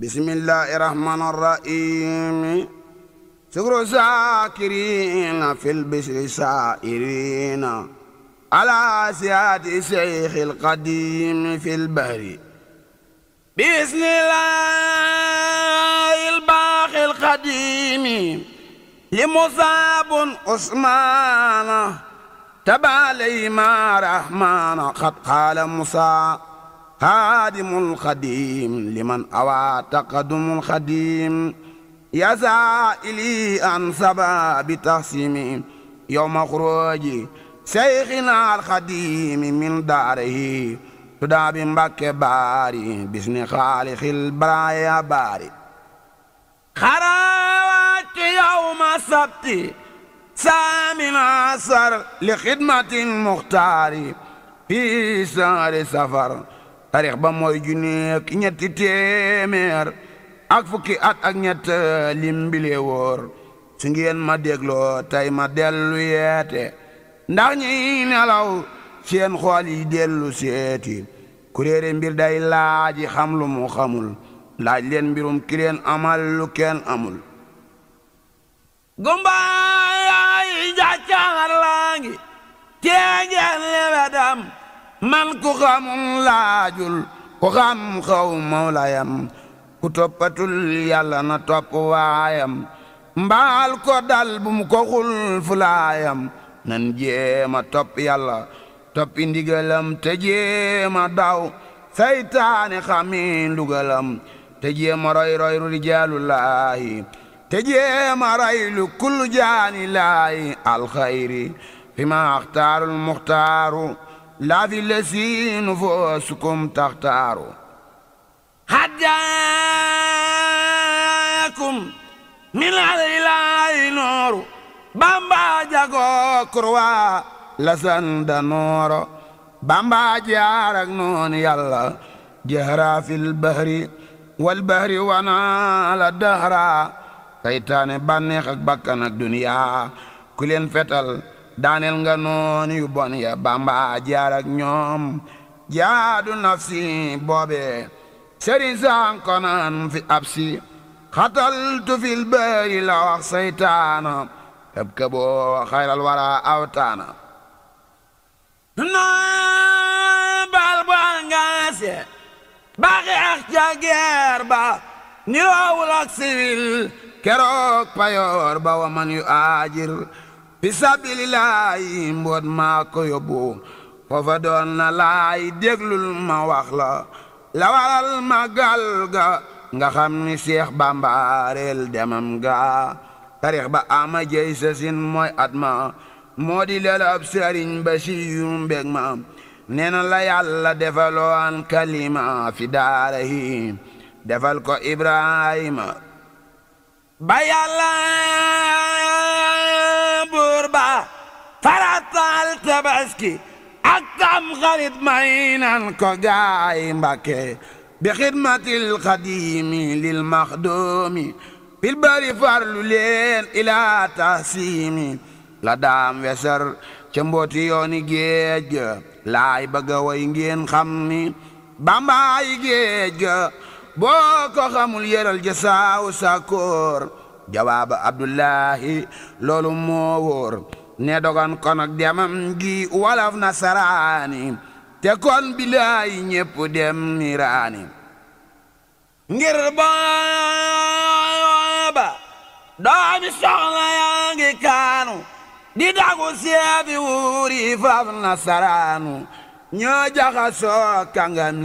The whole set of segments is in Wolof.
بسم الله الرحمن الرحيم شكر ساكرين في البشر سائرين على سياد شيخ القديم في البحر بسم الله الباخ القديم لمصاب عثمان تبع لي ما رحمن قد قال مصاب خادم الخديم لمن أوى تقدم الخديم يا زائلي أنصب سبا بتحسيم يوم خروج شيخنا الخديم من داره تدعى بك باري باسم خالق البرايا باري خراوات يوم السبت سامن عصر لخدمة المختار في سهر سفر taarix ba mooy junneek ñetti téeméer ak fukki at ak ñett lim bile woor su ngeen ma dégloo tey ma dellu yeete ndax ñi nelaw seen xool yi dellu seeti ku réere mbir day laaji xam lu mu xamul laaj leen mbirum ki leen amal lu amul gumbaay jàccaar laa ngi teegeen lebedam man ku xamul laajul ku xam xaw mawlayam ku toppatul yàlla na topp waayam mbaal ko dal bu mu ko xul nan jéema topp yàlla toppi ndigalam te jéema daw saytaane xami ndugalam te jéema roy roy ru rijaalullaahi te fi ma axtaarul muxtaaru لا في الذي نفوسكم تختاروا حجاكم من الإله نور بامبا جاكو كروا لسند نور بامبا جارك نون يلا جهرا في البحر والبحر وانا الدهرا كيتاني بانيخك بكنا الدنيا كلين فتل daaneel nga noon yu bon ya bamba jaar ñoom jaadu nafsi boobe sëriñ sankonan fi absi xataltu fil bëri la wax saytaana xëb xayral wara awtaana noon baal bu angaase ba xeex ca geer ba niroowul siwil keroog payoor ba waman yu aajir fisabilillahi mboot maa ko yóbbu foofa doon na laay déglul ma wax la la waral màggal ga nga xam ni seex bàmbaareel demam ga tarix ba ama jey sa sin mooy at ma moo di lelab sëriñ ba si yurum mbég ma nee na la yàlla defaloon kalima fi daara hi defal ko ibrahima بيالا بوربا فرات التبسكي أكم غريب معينا كقايم بكي بخدمة القديم للمخدوم بالباري فارلو لين إلى تحسيمي لدام وسر تمبوتي يوني جيج لاي بقوا ينجين خمي بامباي جيج boko xamul yeral jasaaw sakor jawab abdullahi lolu mo wor ne dogan kon ak demam gi walaf Nasrani, te kon billahi ñepp dem niraani ngir baaba doomi soxna yaa ngi kanu di dagu seefi wuri fa nasaraanu ñoo jaxaso kangam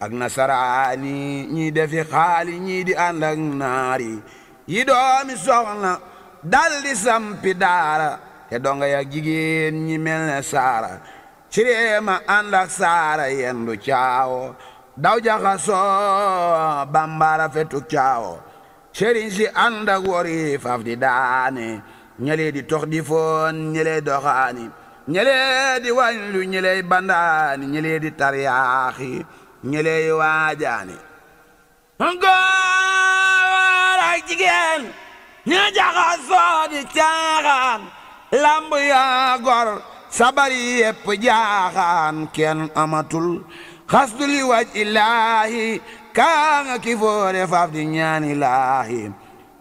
ak nasaraani ñii defi xaali ñii di ànd naari yi doomi soxna dal sampi daara te donga ya jigéen ñi mel ne saara cireema ànd ak saara yendu caawo daw jaxasoo bambara fetu caawo sëriñ si ànd wori faf di daane ñelee tox di foon doxaani ñelee di wañlu bandaani ñelee di ñëley waajaani góor ak jigéen ña jaxasoo di caaxaan lamb yaa sabari yépp jaaxaan kenn amatul xasdu li waj ilaahi kaa nga ki foore faaf di ñaan ilaahi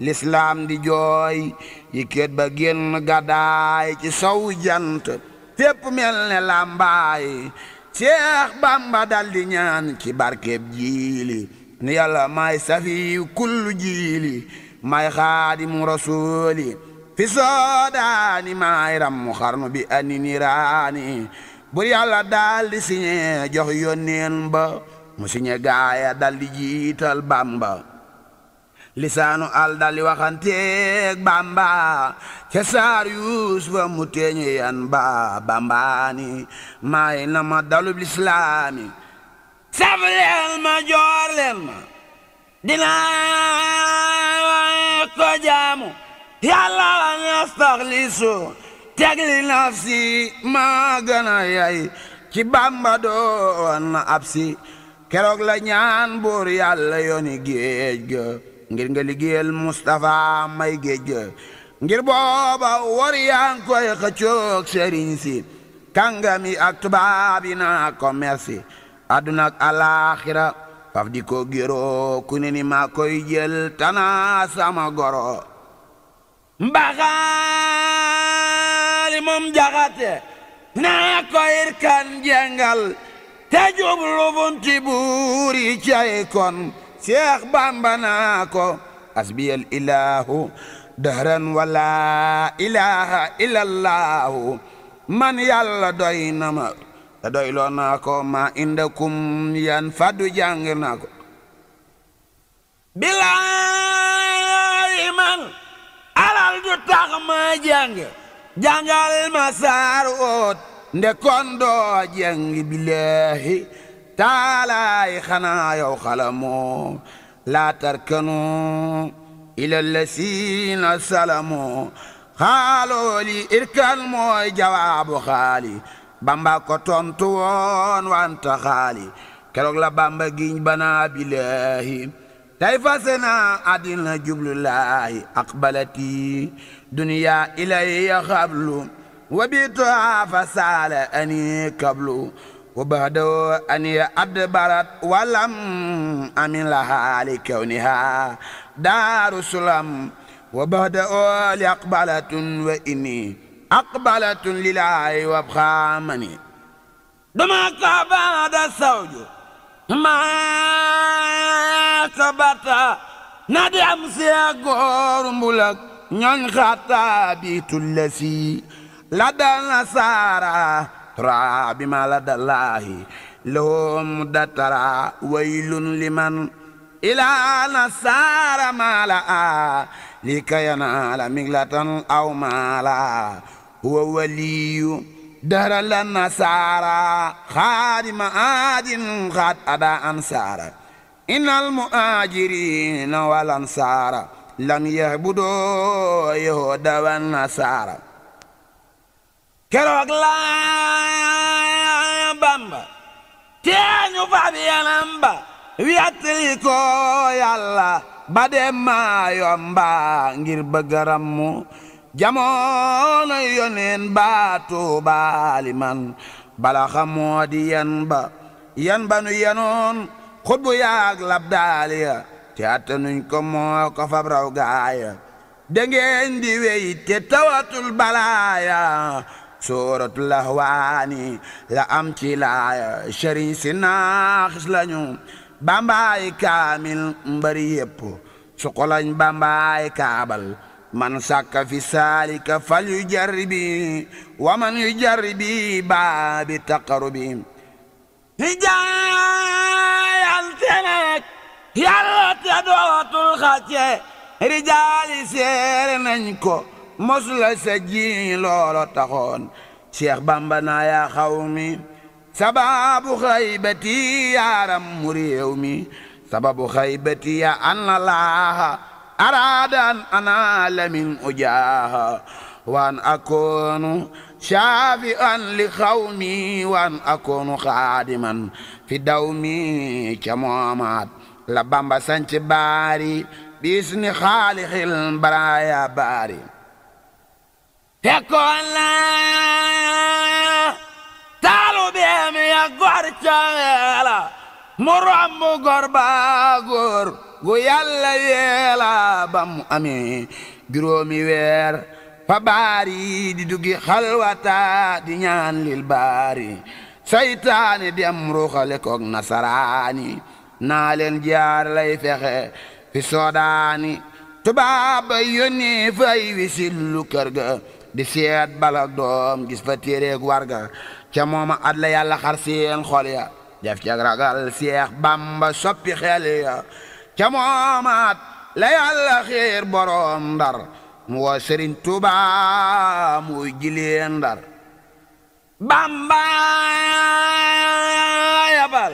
lislaam di jooy yi kéet ba génn gàddaay ci sow jant tépp mel ne làmbaay Seex Bamba dal ñaan ci barkeb jiili ni yàlla may safi kullu jiili may xaadimu rasuuli fi soodaani may rammu xarnu bi ani bur yàlla dal di siñe jox yónneen ba mu siñe gaaya dal jiital Bamba lisaanu al dali waxanteeg bamba ca saar mu teeñu yan ba bambaani may na ma dalub lislaami saf ma joor leen ma dinaa ko jaamu yàlla la nastaxlisu teg li nafsi ma gën yay ci bamba doon na absi keroog la ñaan buur yàlla yooni géej ga ngir nga liggéeyal may géej ngir booba war yaa ngi koy xëccoog sëriñ ak tubaab yi na commerce àdduna alaaxira faf di ko géroo ku ni maa koy tana sama goro mbaxaali moom jaxate naa koy kan jengal te jublu bunti buur yi seex bamba naa ko asbiyal ilaahu dahran wala ilaha illallahu man yàlla doy na ma te doy loo naa ko ma indakum yan faddu jàngir naa ko bilaayi man alal du tax ma jànge jàngal ma saar oot nde kon doo jàngi bilaahi تعالى خنا يو خلمو لا تركنو إلى الذين سلموا خالو لي إركان موي جواب خالي بامبا كتون توان وانت خالي كروك لا بامبا جين بنا بلاهي تايفا سنا أدين جبل الله أقبلتي دنيا إلي خبلو وبيتها فسال أني قبلو wa ba'du an ya adbarat amin laha li kauniha daru sulam wa wa inni aqbalatun lil wa khamani dama ka ba'da sawju ma gor mulak nyan khata bitul lasi ladana رعى بما لدى الله لهم دترى ويل لمن إلى نسار مالا لكي ينال مغلة أو مالا هو ولي دار النصارى خادم آدم خاد أدا أنسارا إن المؤاجرين والأنصار لم يعبدوا يهود والنصارى keroog laa bamba teeñu fab yenam ba wettali ko yàlla ba yomba ngir bëggaram mu jamono yoneen ba tuubaali man bala xamoo di yen ba yen ba nu yenoon xutbu yaag ya ko moo ko fab gaaya da ngeen di te tawatul balaaya suratul lahwaani la am ci laaya sëriñ si naaxis lañu bambaay kaamil mbari yépp bambaay kaabal man sàkka fi saalika fal yu jarribi wa man yu jarribi baabi taqarubi hijaayante nak yàlla te dootul xacce rijaali seere nañ ko mosula sa loolo taxoon cheikh bamba naa yaa xaw mi sababu xaybati yaaram mu réew mi sababu xaybati ya anna laaha araadan ana lamin ujaaha waan akoonu shaafi'an li xawmi waan akoonu xaadiman fi dawmi ca moomaat la bamba sanc baari biis ni xaalixil baraaya baari fekkoon naa taalubeem ya gor caweela mu romb gor baa góor gu yàlla yeela ba mu amee juróomi weer fa baari di dugi xalwata di ñaan lil baari saytaane dem ruuxale koog nasaraani naa jaar lay fexe fi soodaani tubaaba yónnee fay wisillu kër ga di seet bala doom gis fa ak warga ca moma at la yàlla xar seen xol ya def ci ragal seex bamba soppi xel ya ca moma at la yalla xir borom dar mu wa serin tuba mu jileen dar bamba mam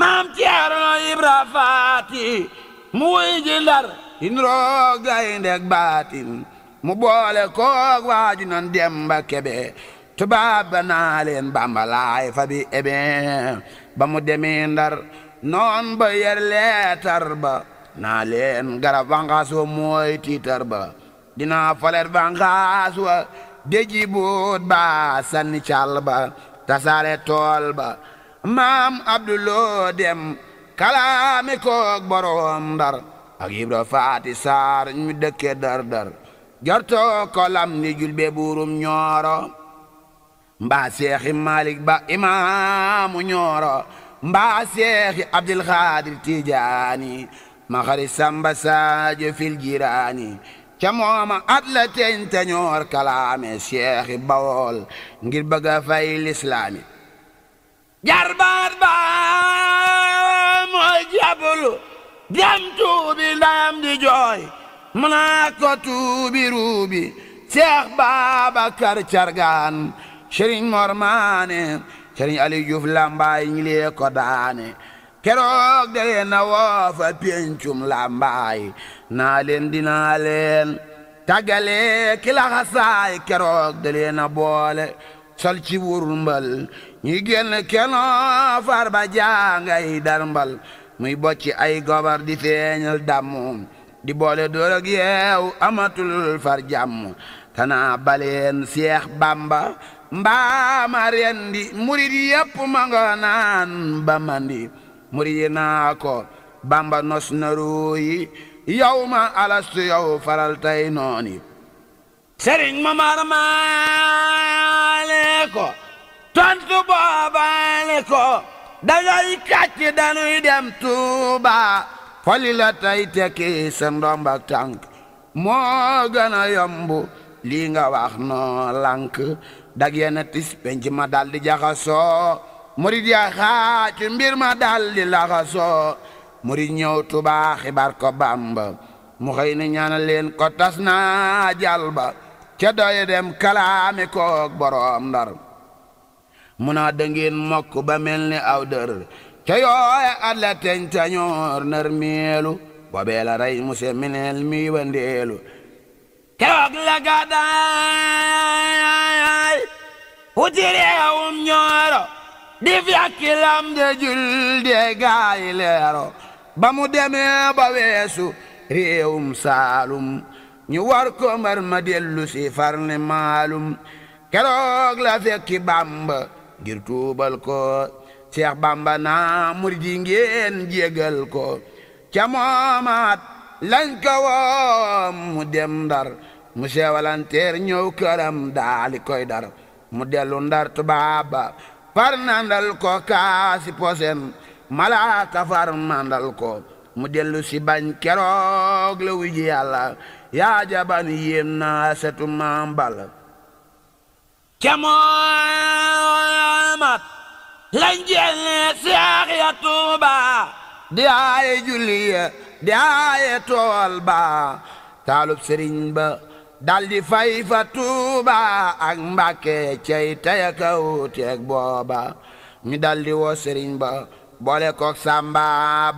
maam ceerno ibra fati mu ji ndar in ro gaynde ak batin mu boole koog waaju nan demba kebe tubaab ba naa leen bambalaay fa bi ebe ba mu demee ndar noon ba yer leetar ba naa leen garab wa mooy tiitar ba dinaa folet bangaas wa deji ba sanni cal tasaare tool ba maam abduloo dem kalaami koog boroom ndar ak yibra faati saar ñu dëkke dar dar jortoo kolam ni julbe buurum ñooro mbaa seexi malik ba imaamu ñooro mbaa seexi abdul xaadir tijaani ma xari samba saajo fil jiraani ca mooma at la teeñ te ñoor kalaame seexi bawool ngir bëgg a fay lislaami jarbaat ba mooy jabulu dem tuubi ndam di jooy mënaa ko tuubi ruubi Seex Babacar Cargaan Sëriñ Mor Maane Sëriñ Aliou Diouf Lambaay ñi lee daane keroog dale na woo fa Lambaay naa leen dinaa leen tàggale ki la xasaay keroog dale na boole sol ci wurmbal ñi génn kenoo ba jaangay darmbal muy bocci ay gobar di feeñal dammum di boole door ak amatul far jàmm tana baleen seex bamba mbaama rendi murid yépp ma nga naan ba mandi murid yi naa ko bamba nos na ruuyi yow ma alastu faral tey nooni sëriñ ma marmaale ko tontu boobaale ko dañuy kàcc dañuy dem Tuuba Falila la tey tekki sa ndombak tànk moo gën a yomb lii nga wax noo lànk dag tis penc ma dal di jaxasoo murid ya xaac mbir ma dal di laxasoo murid nyoutu Tuubaa xibaar ko bamba mu xëy ñaanal ko tasna jalba ca doy dem kalaami koog boroom dar, mu naa dëngeen ba che io at la teñ tañoor nar meelu boobee la rey mu semineel mi wandeelu keroog la gàddaay wuti réewum ñooro di fiyakki lam de jul de gaayi leero ba mu demee ba weesu si far ne maalum keroog la fekki bàmba ngir tuubal Seex Bamba naa murid yi ngeen jégal ko ca moomaat lañ ko woom mu dem ndar mu seewalanteer ñëw këram daali koy dar mu dellu ndar tubaaba far nandal ko kaasi posen malaaka far mandal ko mu dellu si bañ keroog la wiji yàlla yaa jaban yéem naa setu maam ca moomaat lañ jenne seex ya tuuba di aaye julli ya aaye tool ba taalub sëriñ ba daldi fay fa tuuba ak mbàkke cey taya kawuteeg booba ñu daldi woo sëriñ ba boole kook sàmba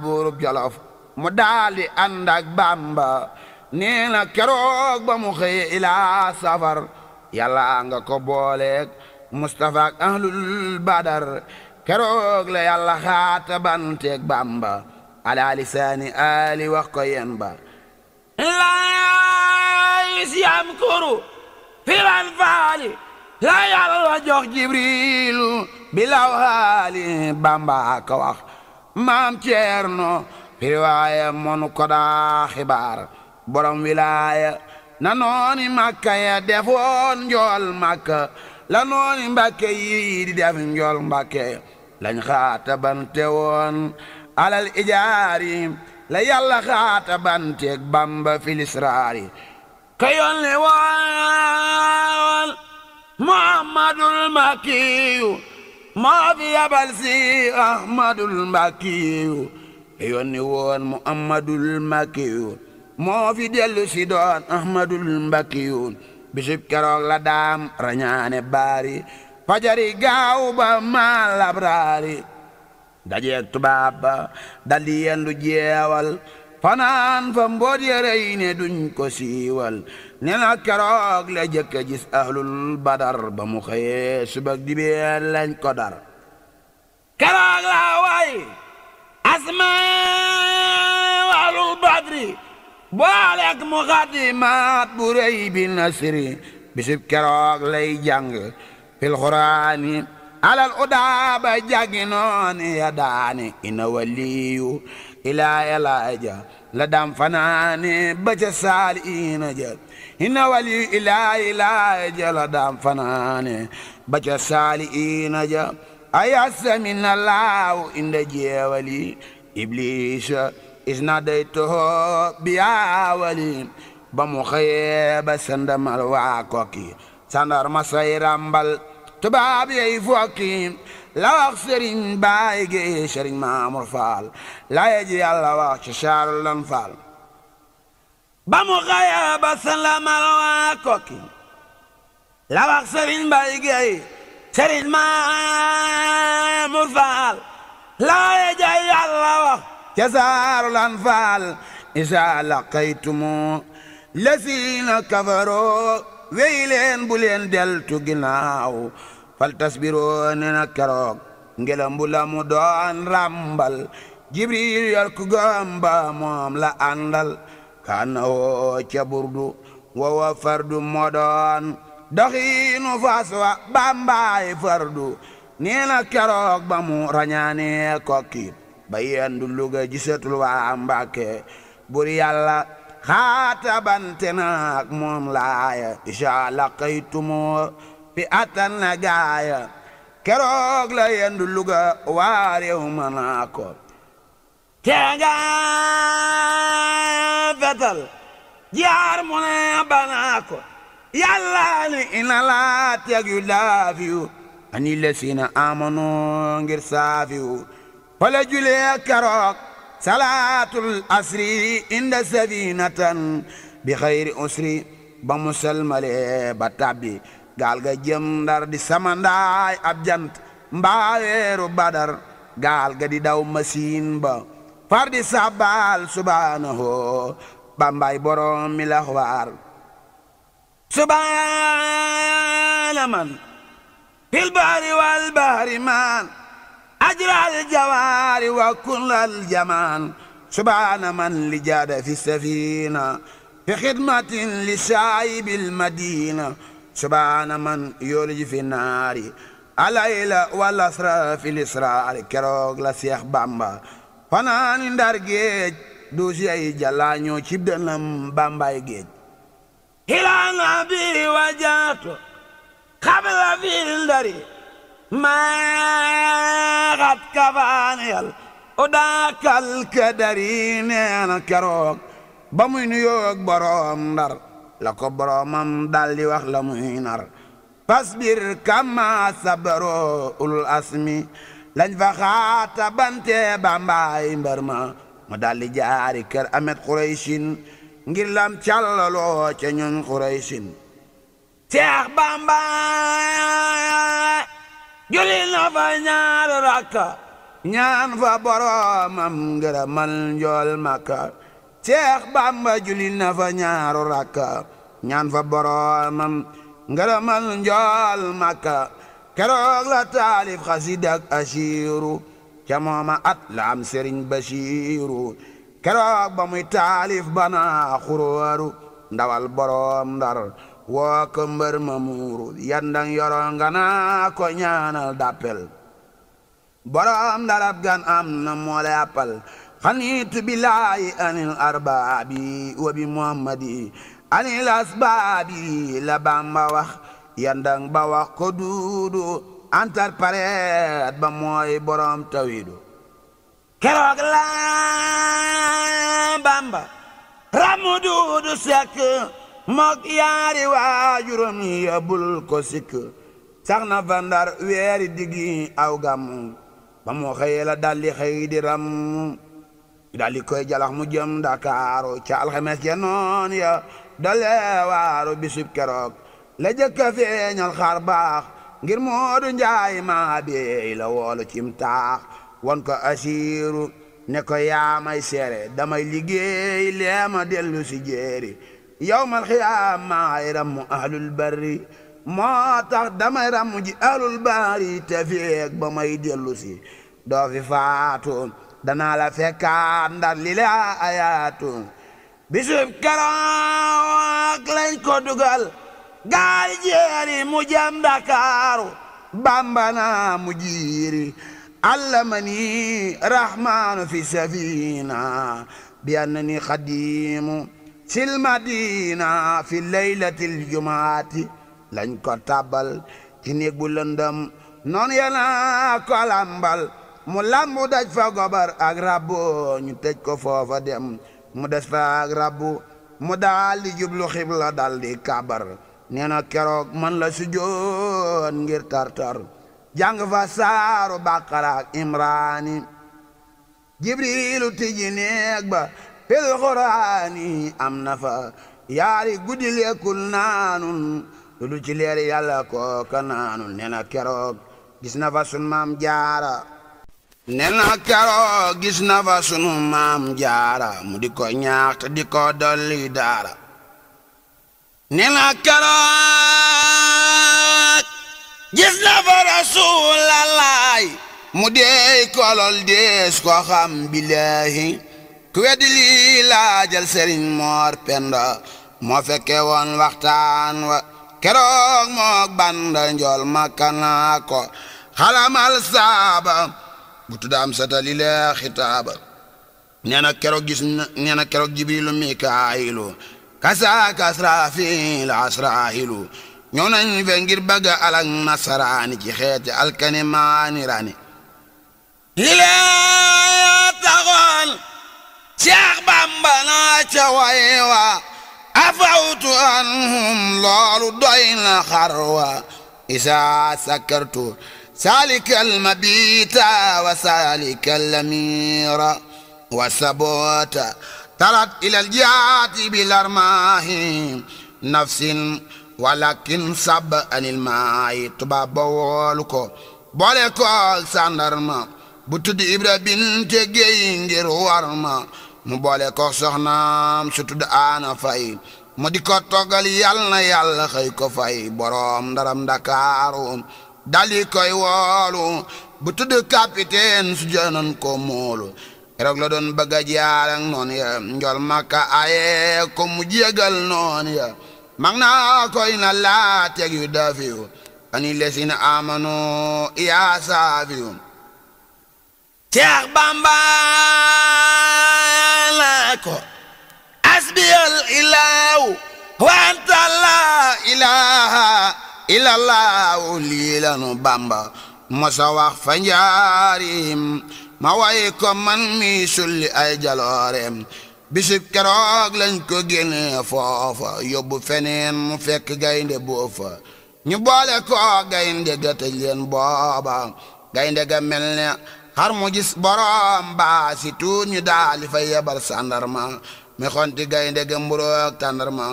buurub jolof mu daldi ànd ak bàmba keroog ba mu xëye ilaa safar yàlla nga ko booleeg Mustafa ahlul badar keroog la yàlla xaata banteeg bàmba ala lisaani aali wax ko yen ba laayis yam kuru filan faali la yàlla jox jibriilu bilaw haali bàmba ka wax maam ceerno firiwaaya monu ko daa xibaar borom wilaaya na nooni makka ya defoon njool makka la nooni mbàkke yi di def njool lañ xaata alal ijaari la yàlla xaata banteeg bamba filisraari ka yoon woon muhammadul mbakiyu moo fi yabal si ahmadul mbakiyu ka yoon woon muhammadul mbakiyu moo fi dellu si ahmadul mbakiyu bisib kerok la ranya rañaane pajari fajari gaaw ba malabrari labraari dajeeg tubaab ba daldi yendu jeewal fanaan dun ne duñ ko siwal nena na la jëkk gis ahlul badar ba mu xëyee subag dibe lañ ko dar keroog la way asma walul badri بالك مقدمات بوري بن نصري كراغ لي جنگ في القرآن على الأداب جاكنون يداني إن ولي إلى إلاجة لدم فناني بجسال إنجة إن ولي إلى إلاجة لدم فناني بجسال إنجة أياس من الله إن جي ولي إبليس is nadaytuhu bi yaa wali ba mu xëyee ba sandamal waa kokki sandar ma say ràmbal tubaab yey fokki la wax sëriñ baay gi sëriñ maamur faal la yeji yàlla wax ci saaru lan faal ba mu xëyee ba sandamal waa kokki la wax sëriñ baay gi sëriñ maamur faal la yeji yàlla wax يزار الأنفال إذا لقيتم الذين كفروا bulen بولين دلتو جناو فالتصبرون نكروك ngelam bu la mu doon ràmbal jibril yor ku gàmba moom la àndal kana burdu wawa fardu moo doon doxiinu fas wa bambaay fardu nee na keroog ba mu rañaanee ba yendu Luga gisatul waa Mbàkke bur yàlla xaatabante na ak moom laaya isa laqaytumoo bi atan na gaaya keroog la yendu Luga waa réew ma naa ko teenga fetal jaar mu ne banaa ko yàlla ni ina laa teg yu laafiyu ani lesina amano ngir saafiyu ولجلي كرا صلاة الأسر إن سفينة بخير أسري بمسلم بتابي قال جم دار دي داي أبجنت مباير بدر قال جدي داو مسين با فردي سبال سبحانه بامباي بروم ملاخوار سبحان من في البحر والبحر مان أجر الجوار وكل الجمال سبحان من لجاد في السفينة في خدمة لشايب المدينة سبحان من يولج في النار الليل والأسرى في الإسرار كروغ لسيخ بامبا فنان دار جيج دوسي أي جلانيو شبدن لم بامبا جيج هلا نبي وجاتو قبل في الدري ما قد كفاني وذاك الكدري نانا كروك بموي نيوك بروم دار لكو برومم دالي واخ لموي نار فاصبر كما صبروا اولو الاسمي lañ fa xaata bante bambaay mbër ma mu daldi jaari kër amet xuraysin ngir lam càllaloo ca ñoñ xuraysin seex bambaay Juli na fa nyar raka ñaan fa boromam mal njool maka Cheikh Bamba Juli na fa nyar raka ñaan fa boromam ngërëmal njool maka keroog la taalif xasida ak asiiru ca at serin bashiru Kero ba bana xurooru ndawal borom dar woo ko mbër ma muuru yandang yoroon ko ñaanal dappel boroom darab gan am na moole appal xaniitu billaahi anil arbaabi wa bi muhammadi anil asbaabi la bamba wax yandang ba wax ko duudu antar pareet ba mooy boroom tawiidu keroog la bamba ramu duudu sekk mook yaari waajuram yi abul ko sikk sax na fa ndar weeri diggi aw gàmm ba mu xëyee la daldi xëy di koy jalax mu jëm Dakaaru ca alxames ya noon ya dalee waaru bisub keroog la jëkk a feeñal xar baax ngir Moodu Njaay maa beey la woolu cim taax won ko asiiru ne ko yaamay sere damay liggéey leema dellu si jéeri يوم القيامة إرم أهل البر ما تقدم إرم أهل البر تفيق بما يدلسي دوفي فاتون دنا لا فيكا ندلي لا آياتون بسم كراو أكلين كودوغال غاي جيري مجام داكارو بامبانا مجيري علمني رحمن في سفينة بأنني خديمه sil madina fi laylatil jumaati lañ ko tabal ci néeg bu lëndëm noonu yàlla ko làmbal mu làmbu daj fa gobar ak rabbu ñu tej ko foofa dem mu des fa ak rabbu mu daal di jublu xibla dal di kabar nee na keroog man la sujjoon ngir tartar jàng fa saaru bàqara ak imraani jibriilu tijji néeg ba fil quraani am na yaari guddi naanun lu du ci leer yàlla kooka naanun nee na keroog gis na fa maam jaara mu di ko ñaax te di ko dolli daara nee keroog gis na fa mu dey kolol dees ko xam billaahi ku li la jël sëriñ moor penda mo fekke won waxtaan wa keroog moog banda njool makana ko xalamal saaba bu tuddaam satali lee xitaaba nee na keroog gis nee na keroog jibrilu mikaayilu kasaaka asraafil asraahilu ñoo nañ fe ngir bëgg alak nasaraani ci xeeti alkanimaani raani شيخ بامبنا توايوا أفوت عنهم لول دين خروا إذا سكرت سالك المبيت وسالك اللمير وسبوتا ترت إلى الجات بالأرماه نفس ولكن سب أن الماء تباب بولكو بولكو سندرما بتد إبرا بنت جينجر ورما mu boole ko soxnaam su tudd aana fay mu di ko toggal yàlla na yàlla ko fay boroom ndaram ndakaaru dali koy woolu bu tudd capitaine su jënoon ko moolu keroog la doon bëgg a jaar ak makka aye ko mu jégal noonu mag naa koy na laa dafiw ani lesina amanu yaa saafiw Seex Bamba la ko asbiyal ilaahu wa ilaaha illallahu lii Bamba mosa wax ma way man mi ay jaloorem bisub keroog lañ ko génne foofa yóbbu feneen fekk gaynde boofa ñu boole ko gaynde ga tëj booba gaynde ga mel ne xar mu gis boroom baa si tuut ñu daali fa yebal sandarma mi xonti gaynde ga mburoog tandarma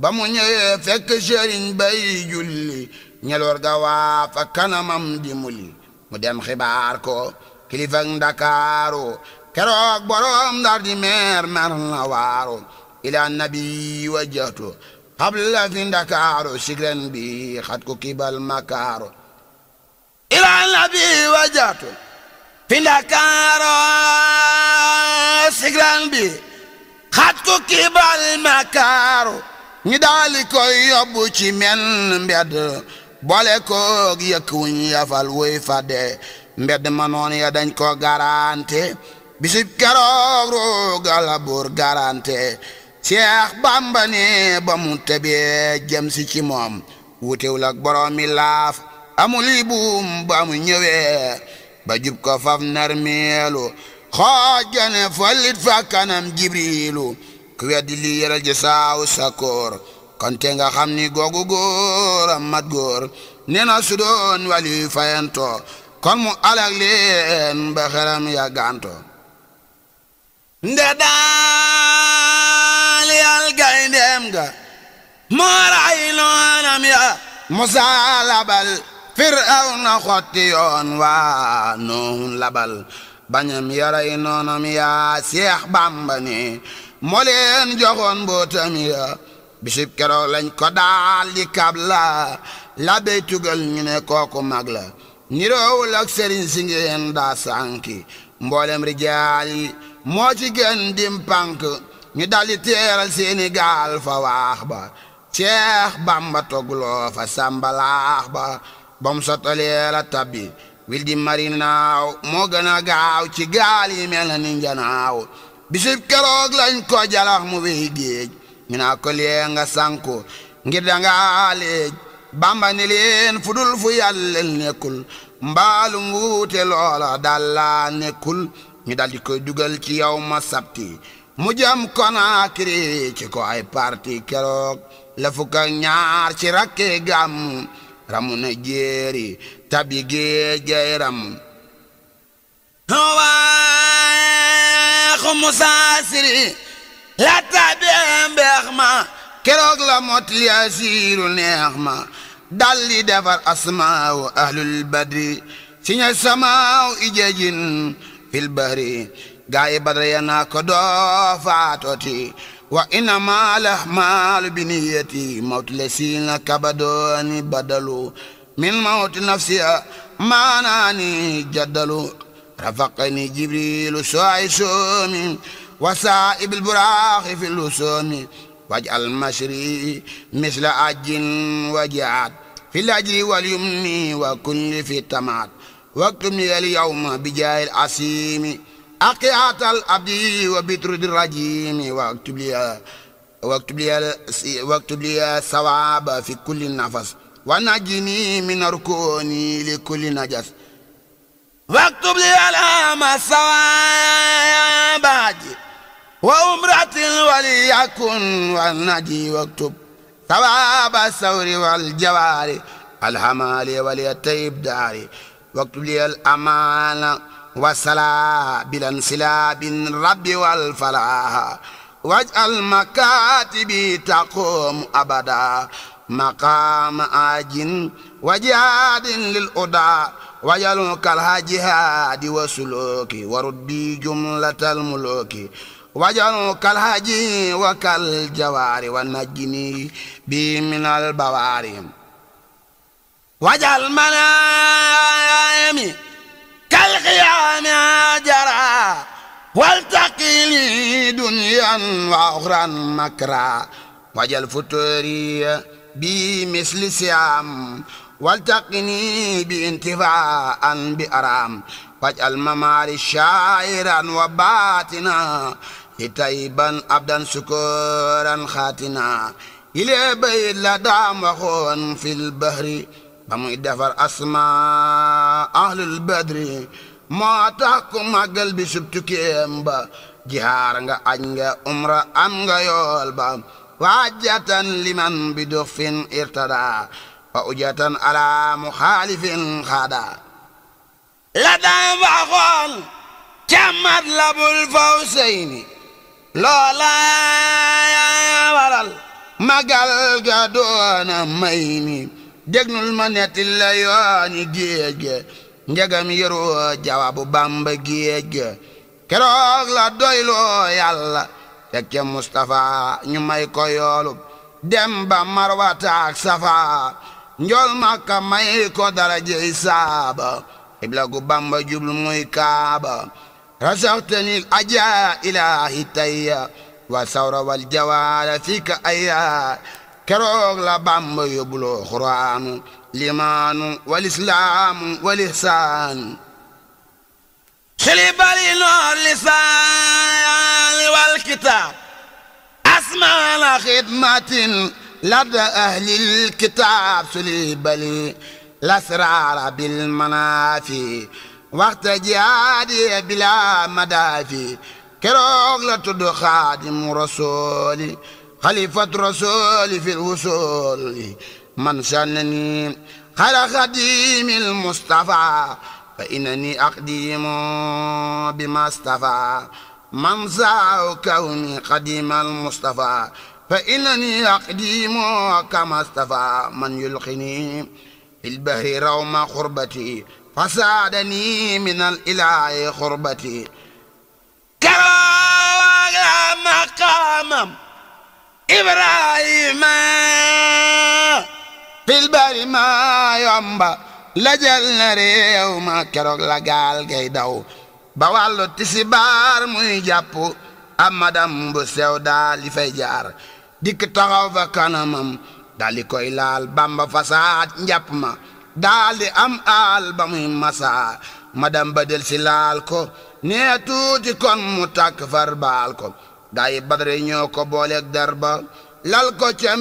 ba mu ñëwee fekk sëriñ bay julli ñeloor ga waa fa kanamam di muli mu dem xibaar ko kilifak ndakaaru keroog boroom ndar di meer mer na waaru ila nabi wajjatu xabla fi ndakaaru sigren bi xat ko kibal makaaru ila nabi wajjatu fi Ndakaaru sigraan bi xat ku kiibal makaaru ñi daali koy yóbbu ci men mbedd boole koog yëkk wuñ yafal wuy fadde mbedd ma noon ya dañ ko garante bisib keroog ruugala buur garante Seex Bàmba ne ba mu tebee jëm ci moom wutewul ak boroom mi laaf amul yi buum ba ñëwee ba jub ko faf narmeelu xoojane follit fa kanam jibriilu ku weddi lii yaral ji saaw sakoor konte nga xam ni googu góor a mat góor nee doon wali fayanto kon mu alag leen ba xeram ya ganto nde daal yal gayndeem ga mooray noonam ya musalabal firawna xotti yoon waa noon labal bañam yaray noonam yaa seex bàmba ne moo joxoon mbootam ya bisib keroog lañ ko daal di kab la la bey tugal ñu ne kooku mag la niroowul ak sëriñ si daa sànki mboolem rijaal yi moo ci gën dim pànk ñu daldi teeral seeni gaal fa waax ba seex bàmba togloo fa sàmbalaax ba bam sottalee la tabbi wildi marinaaw moo gën a gaaw ci gaal yi mel na ni bisib keroog lañ ko jalax mu wéy géej ñu naa ko lee nga sànku ngir dangaa léej bamba ni leen fu dul fu yàllel nekkul mbaalu wuute loola dalla nekkul ñu dal di koy dugal ci yow ma sabti mu jëm Konaakiri ci ko ay parti keroog la fukk ñaar ci rakke gàmm ramu na jéeri tabi géej gay ram waaxu musaa siri la tabi mbeex ma keroog la mot li asiiru neex ma dalli defar asmaawu ahlul badri si ña samaaw ijajin fil bahri gaay badra ya naa ko doo وإنما الأحمال بنيتي موت لسين كبدوني بدلو من موت نفسي ما ناني جدلو رفقني جبريل سوعي سومي وسائب البراق في اللسوم واجعل مشري مثل عج وجعت في الأجر واليمن وكل في التمات واكتم لي اليوم بجاه العسيم أقعت الأبدي وبتر الرجيم واكتب لي واكتب لي واكتب لي ثواب في كل نفس ونجني من ركوني لكل نجس واكتب لي الأم ثواب وأمرة وليكن والنجي واكتب ثواب الثور والجوار الحمال وليتيب داري واكتب لي الأمانة والصلاة بالانسلاب ربي والفلاح واجعل مكاتبي تقوم أبدا مقام آج وجهاد للأدى وجلوك الهجهاد وسلوك وردي جملة الملوك وجعلوا كالهاجي وكالجوار ونجني بي من البواري وجعل منامي كالقيام جرى والتقي لي دنيا واخرى مكرا وجا الفتوري بمثل سيام والتقني بانتفاء بأرام واجعل مماري شاعرا وباتنا لتيبا عبدا سكورا خاتنا إلى بيت لدام وخون في البهر amuy defar asma ahlul badri ma tax ma galbi bi sub jihar nga aj umra am nga yool ba wajatan liman bidufin irtada wa ujatan ala muxaalifin xaada la daan jamad labul matlabul lola ya waral magal gadona maini. déglul ma netti la yooni géej ge njegam yëroo bamba géej keroog la doyloo yàlla fekke Mustafa ñu may ko yoolub dem marwataak safa njool makka may ko saaba ibla bamba jublu muy kaaba rasaxtani aja ilahi wa sawra wal jawaara fika ayya كروغ لا بام يبلو قران ليمان والاسلام والاحسان سلي بالي نور لسان والكتاب اسمع خدمه لدى اهل الكتاب سلي بالي لسرار بالمنافي وقت جهادي بلا مدافي كروغ لا تدو خادم رسولي خليفة رسولي في الوصول من سألني خير خديم المصطفى فإنني أقديم بما اصطفى من زع كوني قديم المصطفى فإنني أقديم كما اصطفى من يلقني في البهر روم خربتي فساعدني من الإله خربتي كما مقامم ibrahima fil bari ma yomba lajal na réew ma keroog la gaal gay daw ba wàllu tisi baar muy jàpp amadam bu sew daal li fay jaar dikk taxaw fa kanamam daal di koy laal bamba fasaat njàpp ma daal di am aal ba muy masa madam ba del si laal ko nee tuuti kon mu tàkk far baal ko gaay badre ñoo ko booleeg dar ba lal ko ca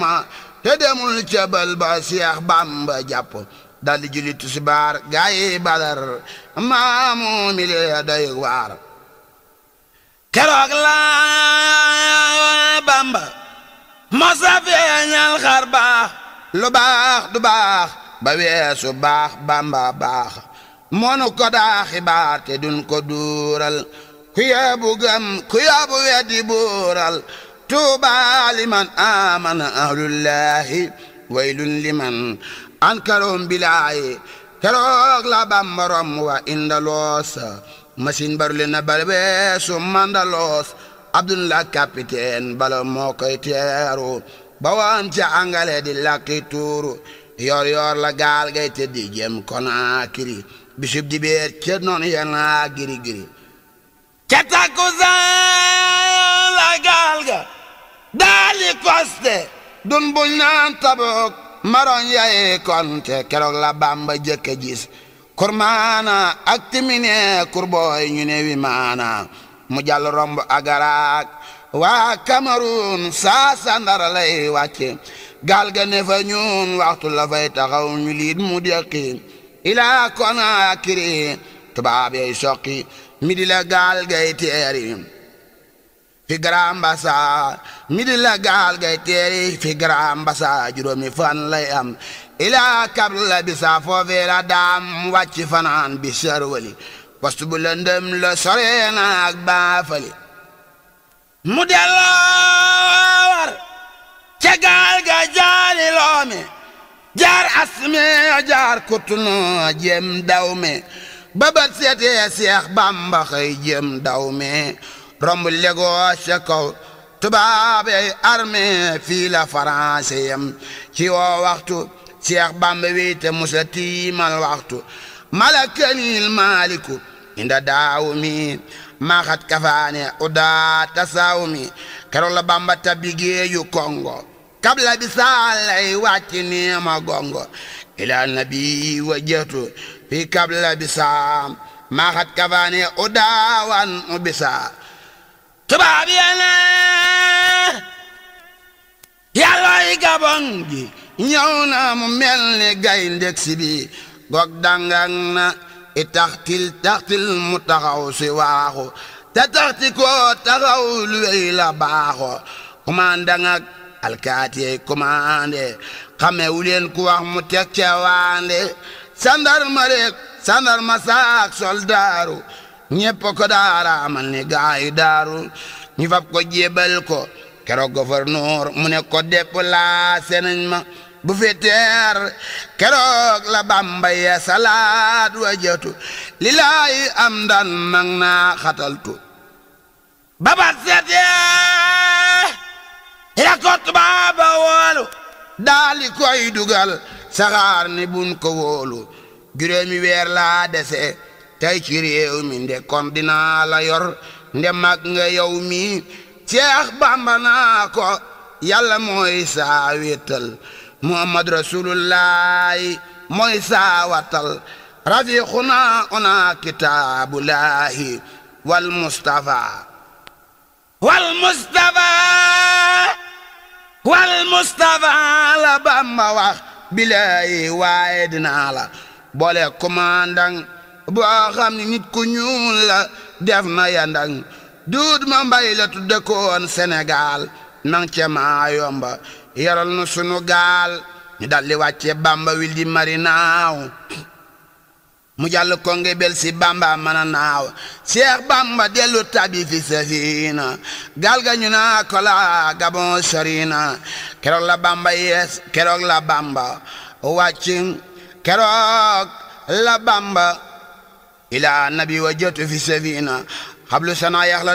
ma te demul ba seex bamba jàpp dal di julli tisbaar badar maamu mi lee day waar keroog la bamba mosa feeñal xar baax lu baax du baax ba weesu baax bamba baax monu ko daa xibaar te dun ko duural ku yebu gëm ku yebu weddi buural tuuba liman amana ahlullahi waylun liman ankaroom bilaayi keroog la bambarom wa indaloos machine baru le na balbe su mandaloos abdullah capitaine bala moo koy teeru ba woon ca angale di lakki tuuru yor yor la gaal gay te di jëm konaakiri bisub di beer ca giri giri ca takkusaan la gaal daali koste dun buñ naan tabook maroon yayi konte keroog la bamba jëkk a gis kurmaana ak timine kurbooy ñu ne wi maana mu jàll romb agaraak waa Cameroun saa sandar lay wàcce gaal waxtu la fay liit mu deqi ilaa Conakry tubaab yay soqi mi di la gaal gay teeri fi Grand-Bassam mi di la gaal gay teeri fi Grand-Bassam juróomi fan lay am ilaa kab la bisa foofee daam wàcc fanaan bi sarwali post lëndëm la sore na ak baafali mu delloo war ca gaal ga jaari loome jaar asme jaar kutunu jem dawme babat seetee seex bàmba xëy jëm daw me romb legoo kaw tubaabey armée fii la faranse yam ci woo waxtu seex bàmba wéyte musa tiimal waxtu malakanil maaliku inda daawu mi maaxat kafaane udaa tasaawu mi keroog la bàmba tabigeeyu kongo kabla bi saalay wàcc neema gongo ila nabi wa jëtu في كبل بسام ما خد كفاني أداوان بسام تبابي أنا يلا يكبنجي ñawna mu mel ni gaynde si bi gog dangang na i taxtil taxtil mu taxaw si waaxu te taxti koo taxaw lu wey la baaxo commandant ak alkaati yey commandé xamewu leen ku wax mu teg ca Sandal rek sandal masak soldaaru ñépp ko daara amal ni gay daru ni fap ko jebal ko kero governor muné ko déplacer nañ ma bu fi kero la bamba ya salat wajatu lillahi amdan magna khataltu baba sete ya ko tubaaba koy dugal sagar ni bun ko wolu juróomi weer laa dese tey ci réew mi nde kon dinaa la yor nde mag nga yow mi ceex bamba naa ko yàlla mooy saa wéttal muhammad rasulullahi mooy saa wattal rafiquna ona kitaabullahi wal mustafa wal mustafa wal mustafa la bamba wax bilaayi waaye dinaa la boole commandant boo xam ni nit ku ñuul la def na yandang duut ma mbay la tudde koon nang ce maa yomba nu sunu gal ñu daldi wàcce Bamba wil mari naaw mu jàll ko ngi bel si Bamba mën a naaw Cheikh Bamba dellu tabi fi safina gaal ga ñu naa ko la Gabon sorina la Bamba yees keroog la Bamba wàcc keroog la bamba ila nabi wa jotu fi safina xablu sana yax la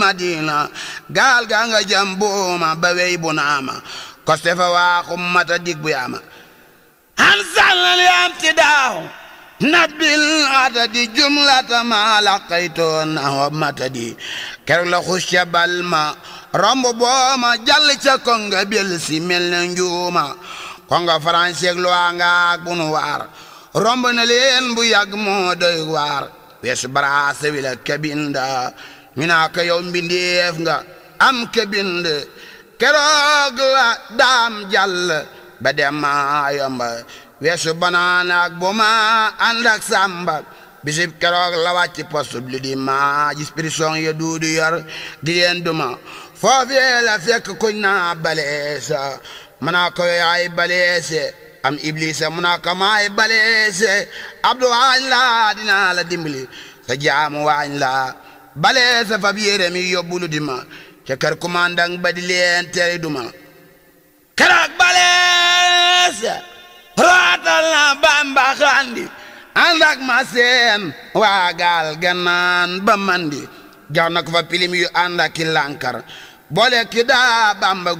madina gaal gaa nga jam ba wey bu naama koste fa waaxu mata dig bu han sallal ti daaw nabil atadi jumlata ma laqaytoo nawa matadi keroog la xus ca ma romb booma jàll ca konga bel si mel na njuuma kongo faranseek luwaa ngaak bu waar romb na leen bu yàgg moo doy waar weesu baraase wi la kabinda ñu naa ko yow nga am kabind keroog la daam jàll ba dem yomba weesu banaana ak bu ma bisib keroog la wàcc postu li di maa gis ya duudu yor di leen duma foofee la fekk kuñ naa baleesa mana ko ay balese, am iblisa mana ko may balese. abdu waañ dina la dimbali sa jaamu waañ balese baleese mi yobulu di ma kar kër kumandang ba di leen teri du ma bamba xandi ànd ak ma seen waa gaal gannaan ba mandi jox ko fa pilim yu andak lankar i bamba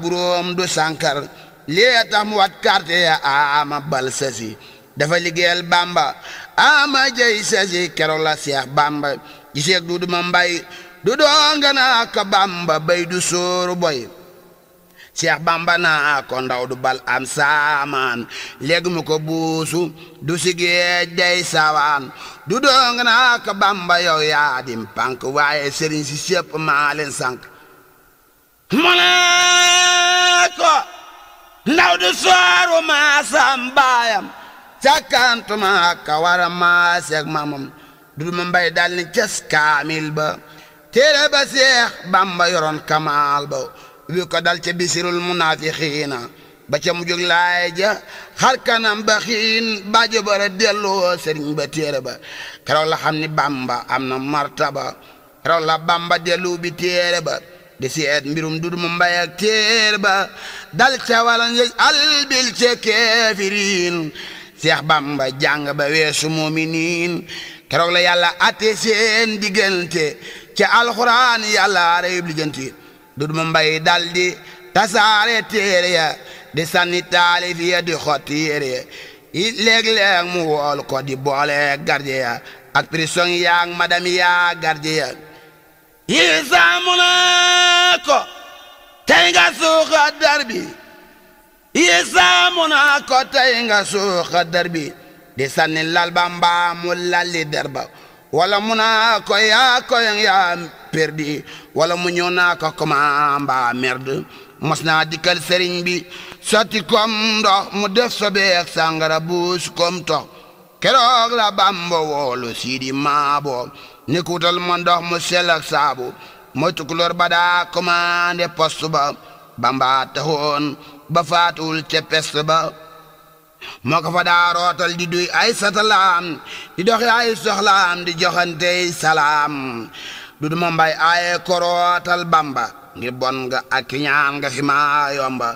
du sankar lii tax mu wat carte ya ama bal sesi dafa al bamba ama jey sesi kero la cheikh bamba cheikh dudu ma mbay dudu ngana naa ka bamba bay du sóoru boy cheikh bamba na ko ndaw du bal am saman legu mu ko buusu du sigue jey sawan dudu ngana ka bamba yo ya dim pank waye serigne si sépp ma len sank mu ndaw du sooru maasam baayam càkkaantuma ka war maaseeg maamam du ma mbay dal ni kaamil ba téere ba seex bamba yoroon kamaal ba wi ko dal ca bisirul munaafixiina ba ca mujug laay ja xar kanam ba xiin bàjo bara delloo sëriñ ba téere ba keroog la xam ni bamba am na martaba keroog la bamba dellu bi téere ba di seet mbirum du mu mbay ak ba dal ca walan yëj albil ca seex bamba jàng ba weesu muminiin keroog la yàlla atte seen diggante ca alxuraan yàlla reyub lijjanti dud mu mbay dal di tasaare téere ya di sànni taalif ya di xotti yére ya i léeg-léeg mu wool ko di boole gardien ya ak prison yaag madame yaa gardien ya yi saamu naa ko tey nga suuxa dar bi yi saamu naa ko tey nga suuxa dar bi di sanni lal ba mbaa mu lalli der ba wala mu naa ko yaa ko yaa perdi wala mu ñëw naa ko comment mbaa merde mos naa dikkal sëriñ bi sotti kom ndox mu def sobeek sàngara buus kom tox keroog la bamba woolu siidi maaboo ni ko wutal ma ndox mu sel ak saabu mooy tukulóor ba daa commandé poste ba bamba taxoon ba fatul ci peste ba moo ko fa daa rootal di duy ay satalam di dox ay soxlam di joxante salam du mbay bamba ngir bon nga ak ñaan nga fi ma yomba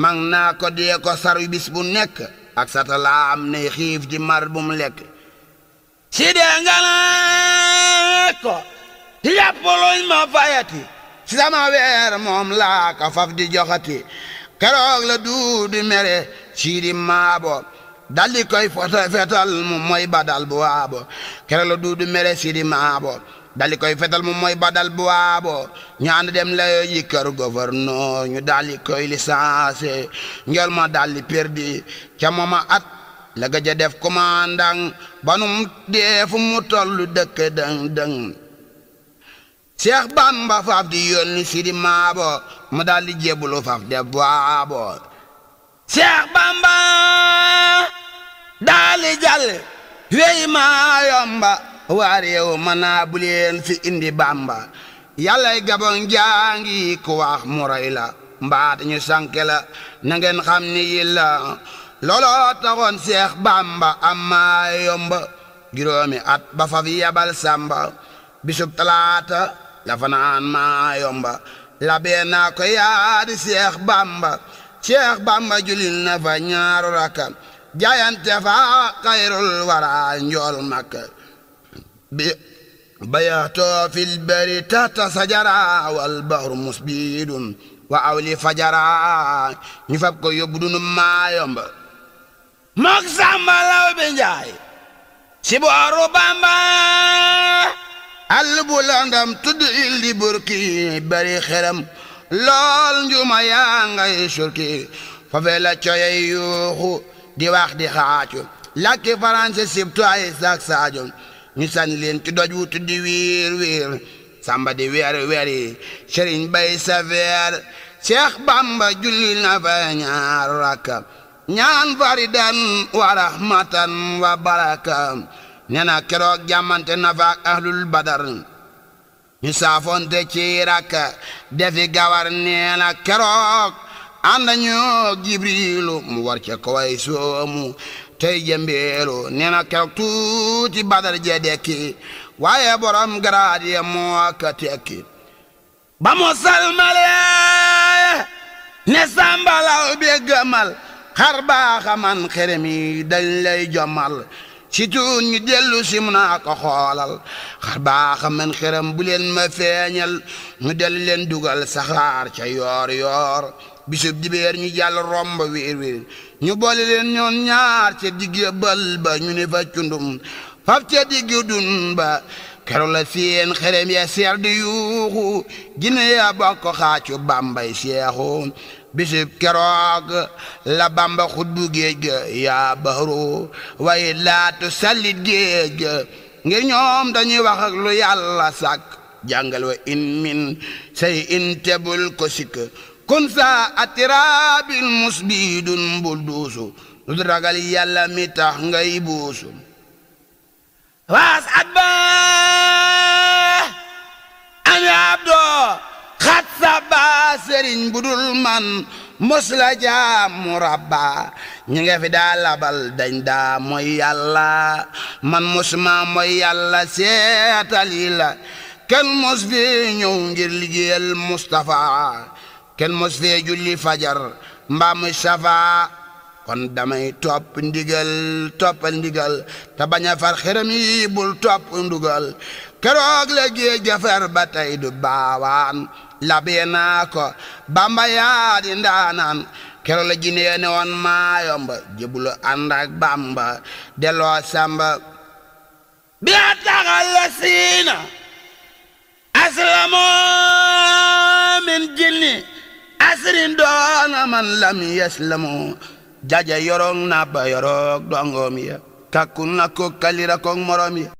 mang naa ko dee ko saru bis bu nek ak satalam ne xif di mar bu mu lek sidengana ko ti yàppaloñ ma fayati si sama weer moom laa ka faf di joxati keroog la duudi mere siidi maabo daldi koy foto fetal mu moy badal bu waabo keroog la duudi mere siidi maabo daldi koy fetal mu moy badal bu waabo ñaan dem layo yi kër gouverneur ñu daldi koy licencié njol ma daldi perdi ca mooma at la ga ja def commandant banum def mu tollu dekk dang dang cheikh Bamba faaf di yoni Sidi mabo mu dal di faaf de baabo cheikh Bamba dal di wey ma yomba war yow mana bulen fi indi Bamba yàllay gabon jangi ko wax mu ray la mbaat ñu sankela na ngeen xamni yilla looloo taxoon seex bamba amma yomba juróomi at ba fa fi yabal samba bisub talaata la fanaan maa yomba labee naa ko yaadi seex bamba seex bamba julil na fa ñaaru rakka jaayante fa xayrul wara njool makka bi bayaatoo fil tata sajara wal bahru musbidun wa awli fajara ñu fab ko yóbbu dunu maa mook Samba Lawbe Njaay si booru Bamba àll bu landam tudd il di burki bari xeram lool njuma yaa ngay surki fafe la coyey yuuxu di wax di xaacu làkki faranse sibtu ay saak saajo ñu san leen ci doj wu tudd wiir wiir samba di weer weer yi bay sa veer Cheikh Bamba julli na fa ñaar rakka ñaan faridan wa rahmatan wa baraka nee na keroog jàmmante na badar ñu saafonte ci rakka gawar nee na keroog ànd ñu jibrilu mu war ca kaway soomu tey jëmbeelu nee na tuuti badar je dekki waaye borom garaad ya moo ka tekki ba mu salmale ne sàmbalaw bi gëmal xar baaxa man xerem yi dañ lay jommal si ñu dellu si mu naa ko xoolal xar baaxa man xerem bu leen ma feeñal ñu dellu leen dugal saxaar ca yoor yoor bisub dibeer ñu jàll romb wiir wiir ñu boole leen ñoon ñaar ca digg bal ba ñu ne fa cundum faf ca digg dun ba kero la xerem ya seer di yuuxu gine ya bokk xaacu bambay seexu bisib keroog la bamba xutbu géej ga yaa baxru waaye laatu sallit géej ngir ñoom dañuy wax ak lu yàlla jàngal wa in min say in tebul ko sikk kun sa atirabil musbidun mbul duusu lu ragal yàlla mi tax ngay buusu waas at ba an abdoo rabba sëriñ budul man muslaja la rabba ñi nga fi daa dañ da moy yalla man musma moy yalla setalila la musbi ñew ngir ligeyal mustafa kenn mos julli fajar mbaa muy safa kon damay top ndigal toppal ndigal ta baña far xeram yi bul top ndugal keroog la géej ga du bawan labee naa ko bamba yaa di ndaanaan kero la jinee ne woon maayomba jëbulu bamba delloo samba bi ataxal la siina aslamoo jinni asrin doona man lam yaslamu jaja yorong na ba yorog dongoom ya kakkun na